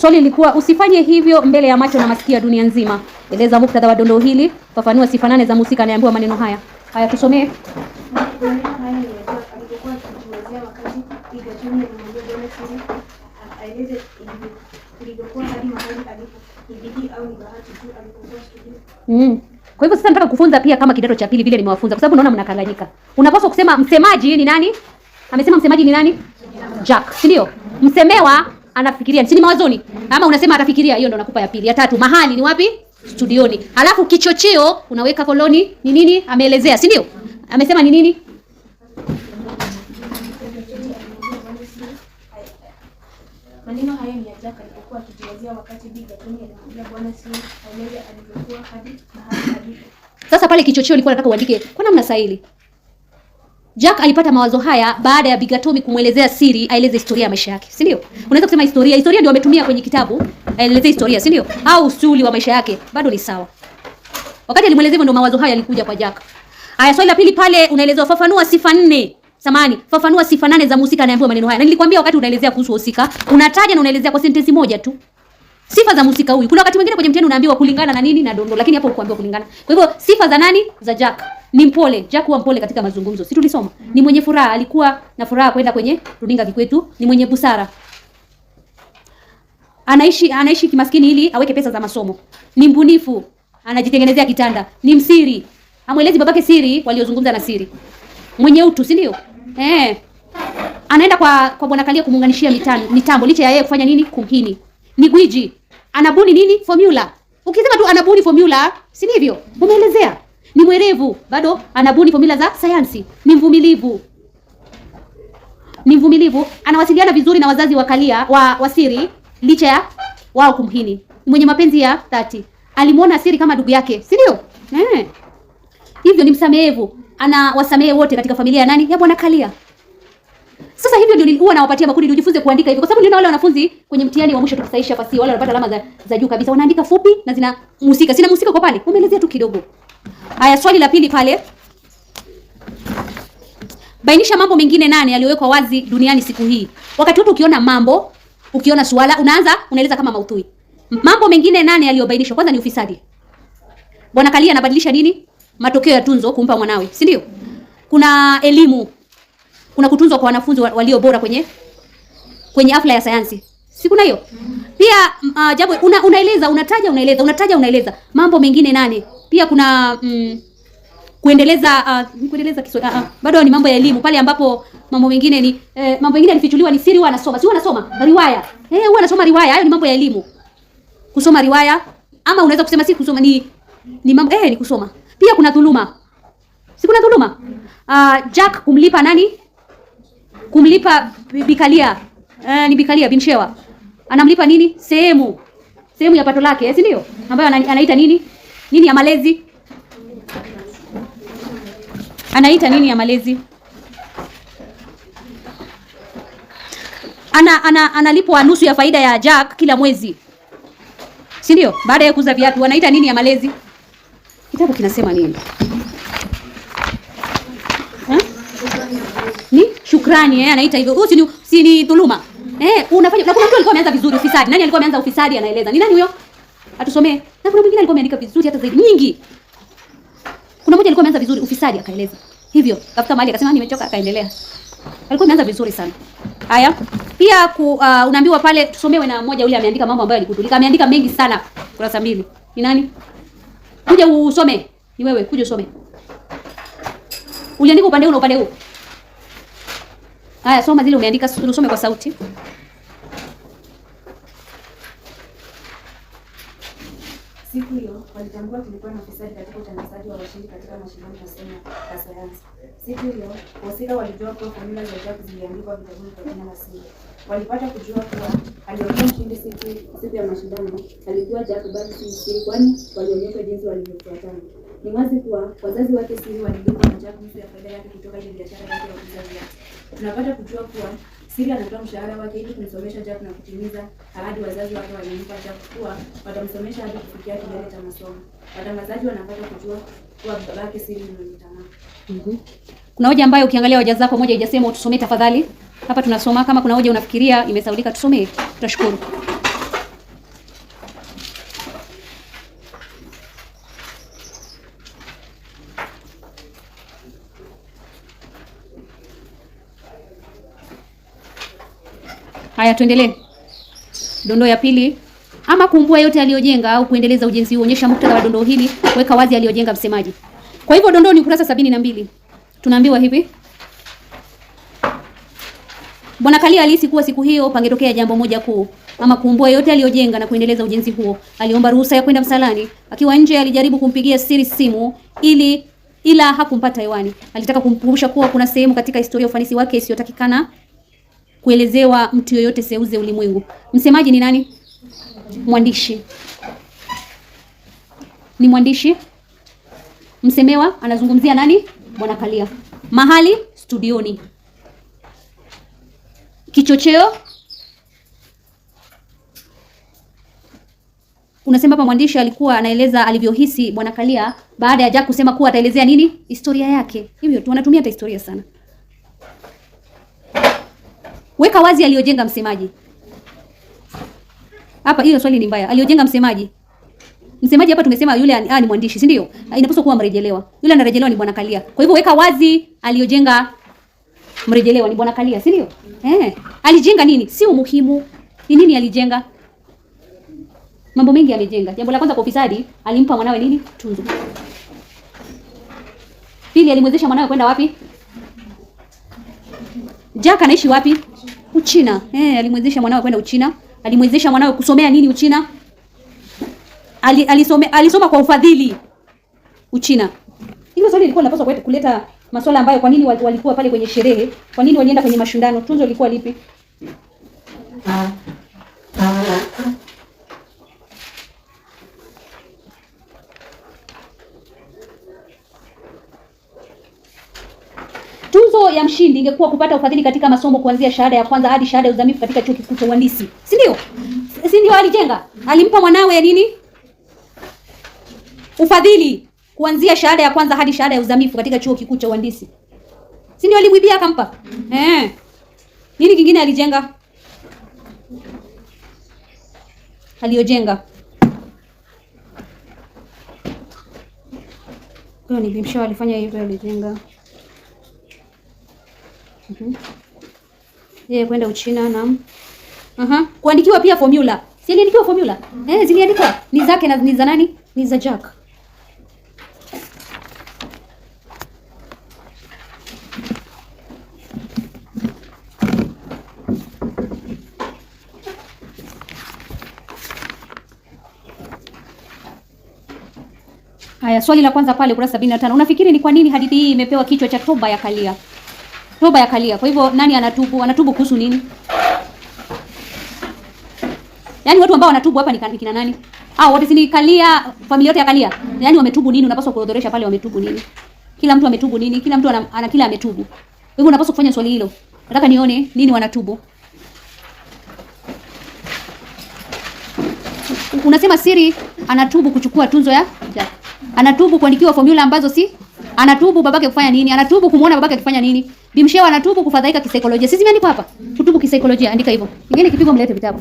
Swali lilikuwa usifanye hivyo mbele ya macho na masikio ya dunia nzima. Eleza muktadha wa dondoo hili, fafanua sifa nane za mhusika anayeambiwa maneno haya. Haya, tusomee. Mm. Kwa hivyo sasa nataka kufunza pia kama kidato cha pili vile nimewafunza kwa sababu naona mnakanganyika. Unapaswa kusema msemaji ni nani? Amesema msemaji ni nani? Jack, si ndio? Msemewa anafikiria si ni mawazoni, ama unasema atafikiria. Hiyo ndo nakupa ya pili. Ya tatu, mahali ni wapi? Studioni. Alafu kichocheo unaweka koloni ni nini? Ameelezea, si ndio? Amesema ni nini? Maneno haya ni ya Jack alipokuwa akijielezea wakati Bi Gatuni alimwambia Bwana si alivyokuwa hadi mahali alipo. Sasa pale kichocheo nilikuwa nataka uandike kwa namna sahihi. Jack alipata mawazo haya baada ya Bigatomi kumwelezea siri aeleze historia ya maisha yake, si ndio? Unaweza kusema historia, historia ndio ametumia kwenye kitabu, aeleze historia, si ndio? Au usuli wa maisha yake, bado ni sawa. Wakati alimwelezea hivyo, ndio mawazo haya yalikuja kwa Jack. Aya, swali la pili pale unaelezewa fafanua sifa nne. Samani, fafanua sifa nane za mhusika anayeambiwa maneno haya. Na nilikwambia wakati unaelezea kuhusu mhusika, unataja na unaelezea kwa sentensi moja tu. Sifa za mhusika huyu. Kuna wakati mwingine kwenye mtihani unaambiwa kulingana na nini na dondo, lakini hapo hukuambiwa kulingana. Kwa hivyo sifa za nani? Za Jack ni mpole, Jakuwa mpole katika mazungumzo. Si tulisoma? mm -hmm. Ni mwenye furaha, alikuwa na furaha kwenda kwenye runinga kikwetu, ni mwenye busara. Anaishi anaishi kimaskini ili aweke pesa za masomo. Ni mbunifu, anajitengenezea kitanda, ni msiri. amwelezi babake siri waliozungumza na siri. Mwenye utu, si ndio? Mm. Eh. Anaenda kwa kwa Bwana Kalia kumuunganishia mitano mitambo licha ya yeye kufanya nini? Kumhini. Ni gwiji. Anabuni nini? Formula. Ukisema tu anabuni formula, si ndivyo? Umeelezea ni mwerevu, bado anabuni fomula za sayansi, ni mvumilivu, ni mvumilivu, anawasiliana vizuri na wazazi wa Kalia wa wasiri licha ya wao kumhini, ni mwenye mapenzi ya dhati, alimwona asiri kama ndugu yake, si ndio? Eh, hivyo ni msamehevu, anawasamehe wote katika familia ya nani? Ya bwana Kalia. Sasa hivyo ndio huwa nawapatia makundi nijifunze kuandika hivyo, kwa sababu niliona wale wanafunzi kwenye mtihani wa mwisho tukisaisha fasihi, wale wanapata alama za, za juu kabisa, wanaandika fupi na zina muhusika. sina muhusika kwa pale, umeelezea tu kidogo. Haya, swali la pili pale, bainisha mambo mengine nane yaliyowekwa wazi duniani siku hii. Wakati wote ukiona mambo, ukiona suala, unaanza unaeleza kama maudhui. Mambo mengine nane yaliyobainishwa, kwanza ni ufisadi. Bwana Kalia anabadilisha nini? Matokeo ya tunzo kumpa mwanawe, si ndio? Kuna elimu, kuna kutunzwa kwa wanafunzi walio bora kwenye kwenye afla ya sayansi, si kuna hiyo? Pia uh, ah, jambo una, unaeleza unataja unaeleza unataja unaeleza mambo mengine nane. Pia kuna mm, kuendeleza uh, kuendeleza kiswa, uh, uh, ah, bado ni mambo ya elimu pale ambapo mambo mengine ni eh, mambo mengine yalifichuliwa ni siri, wanasoma si wanasoma riwaya eh, huwa anasoma riwaya. Hayo ni mambo ya elimu, kusoma riwaya, ama unaweza kusema si kusoma ni ni mambo eh, ni kusoma. Pia kuna dhuluma, si kuna dhuluma uh, Jack kumlipa nani, kumlipa Bikalia eh, ni Bikalia Binshewa anamlipa nini? Sehemu sehemu ya pato lake, si ndio? Ambayo anaita nini nini ya malezi, anaita nini ya malezi, ana ana analipwa nusu ya faida ya Jack kila mwezi, si ndio? Baada ya kuuza viatu anaita nini ya malezi? Kitabu kinasema nini? Ni shukrani eh, anaita hivyo. Si ni dhuluma? Eh, unafanya na kuna mtu alikuwa ameanza vizuri ufisadi. Nani alikuwa ameanza ufisadi anaeleza. Ni nani huyo? Atusomee. Na kuna mwingine alikuwa ameandika vizuri hata zaidi nyingi. Kuna mmoja alikuwa ameanza vizuri ufisadi akaeleza. Hivyo, tafuta mali akasema nimechoka akaendelea. Alikuwa ameanza vizuri sana. Haya. Pia ku, uh, unaambiwa pale tusomewe na mmoja yule ameandika mambo ambayo alikutulika. Ameandika mengi sana kurasa mbili. Ni nani? Kuja usome. Ni wewe, kuja usome. Uliandika upande huu na upande huu. Haya, soma zile umeandika, usome kwa sauti. Siku hiyo walitambua kulikuwa na ufisadi katika utangazaji wa washindi katika mashindano ya Kenya ya sayansi. Siku hiyo wahusika walijua kuwa fomula za ajabu ziliandikwa vitabuni kwa jina la siri. Walipata kujua kuwa aliyekuwa mshindi siku siku ya mashindano alikuwa Jack, bali si siri, kwani walionyeshwa jinsi walivyofuatana. Ni wazi kuwa wazazi wake siri walilipa na Jack nusu ya faida yake kutoka ile biashara yake ya uzazi yake. Tunapata kujua kuwa Siri anatoa mshahara wake ili kumsomesha Jack na kutimiza ahadi wazazi wake walimpa Jack kuwa watamsomesha hadi kufikia kilele cha masomo. Watangazaji wanapata kujua kuwa babake Siri ni mwenye tamaa. Mm -hmm. Kuna hoja ambayo ukiangalia hoja zako moja ijasema utusomee tafadhali. Hapa tunasoma, kama kuna hoja unafikiria imesaulika tusomee. Tutashukuru. Haya, tuendelee. Dondoo ya pili. Ama kumbua yote aliyojenga au kuendeleza ujenzi huo. Onyesha muktadha wa dondoo hili, weka wazi aliyojenga msemaji. Kwa hivyo dondoo ni kurasa sabini na mbili. Tunaambiwa hivi. Bwana Kalia alihisi kuwa siku hiyo pangetokea jambo moja kuu, ama kumbua yote aliyojenga na kuendeleza ujenzi huo. Aliomba ruhusa ya kwenda msalani. Akiwa nje, alijaribu kumpigia siri simu ili ila hakumpata hewani. Alitaka kumkumbusha kuwa kuna sehemu katika historia ya ufanisi wake isiyotakikana kuelezewa mtu yoyote seuze ulimwengu. Msemaji ni nani? Mwandishi ni mwandishi. Msemewa anazungumzia nani? Bwana Kalia. Mahali studioni. Kichocheo unasema hapa mwandishi alikuwa anaeleza alivyohisi Bwana Kalia baada ya Jack kusema kuwa ataelezea nini? Historia yake. Hivyo tu wanatumia hata historia sana. Weka wazi aliyojenga msemaji. Hapa hiyo swali ni mbaya. Aliyojenga msemaji. Msemaji hapa tumesema yule an, a, ah, ni mwandishi, si ndio? Ah, inapaswa kuwa mrejelewa. Yule anarejelewa ni Bwana Kalia. Kwa hivyo weka wazi aliyojenga mrejelewa ni Bwana Kalia, si ndio? Eh. Alijenga nini? Si muhimu. Ni nini alijenga? Mambo mengi amejenga. Jambo la kwanza kwa ufisadi, alimpa mwanawe nini? Tunzo. Pili, alimwezesha mwanawe kwenda wapi? Jack anaishi wapi? Uchina. Eh, alimwezesha mwanawe kwenda Uchina. Alimwezesha mwanawe kusomea nini Uchina? Ali, alisome, alisoma kwa ufadhili Uchina. Hilo swali lilikuwa linapaswa kuleta maswala ambayo kwa nini walikuwa pale kwenye sherehe? Kwa nini walienda kwenye mashindano? Tunzo lilikuwa lipi? Ah, ah, ah, ndoto ya mshindi ingekuwa kupata ufadhili katika masomo kuanzia shahada ya kwanza hadi shahada ya uzamivu katika chuo kikuu cha uhandisi, si ndio? Si ndio alijenga? Alimpa mwanawe nini? Ufadhili kuanzia shahada ya kwanza hadi shahada ya uzamivu katika chuo kikuu cha uhandisi, si ndio? Alimwibia akampa. Eh, nini kingine alijenga? Aliyojenga kwa ni bimshaw alifanya hivyo, alijenga Mhm. Yeye kwenda Uchina na Aha. Kuandikiwa pia formula. Si aliandikiwa formula? Mm. Eh, ziliandikwa. Ni zake na ni za nani? Ni za Jack. Aya, swali la kwanza pale kurasa 75. Unafikiri ni kwa nini hadithi hii imepewa kichwa cha Toba ya Kalia? Toba ya Kalia. Kwa hivyo nani anatubu? Anatubu kuhusu nini? Yaani watu ambao wanatubu hapa ni kina nani? Ah, wote si Kalia, familia yote ya Kalia. Yaani wametubu nini? Unapaswa kuorodhesha pale wametubu nini? Kila mtu ametubu nini? Kila mtu ana, ana kila ametubu. Kwa hivyo unapaswa kufanya swali hilo. Nataka nione nini wanatubu. Unasema siri anatubu kuchukua tunzo ya ja. anatubu kuandikiwa formula ambazo si anatubu babake kufanya nini? Anatubu kumuona babake akifanya nini? bimshewa wanatubu kufadhaika kisaikolojia. Sisi nipo hapa. Tutubu kisaikolojia, andika hivyo. Ningine kipigo mlete vitabu.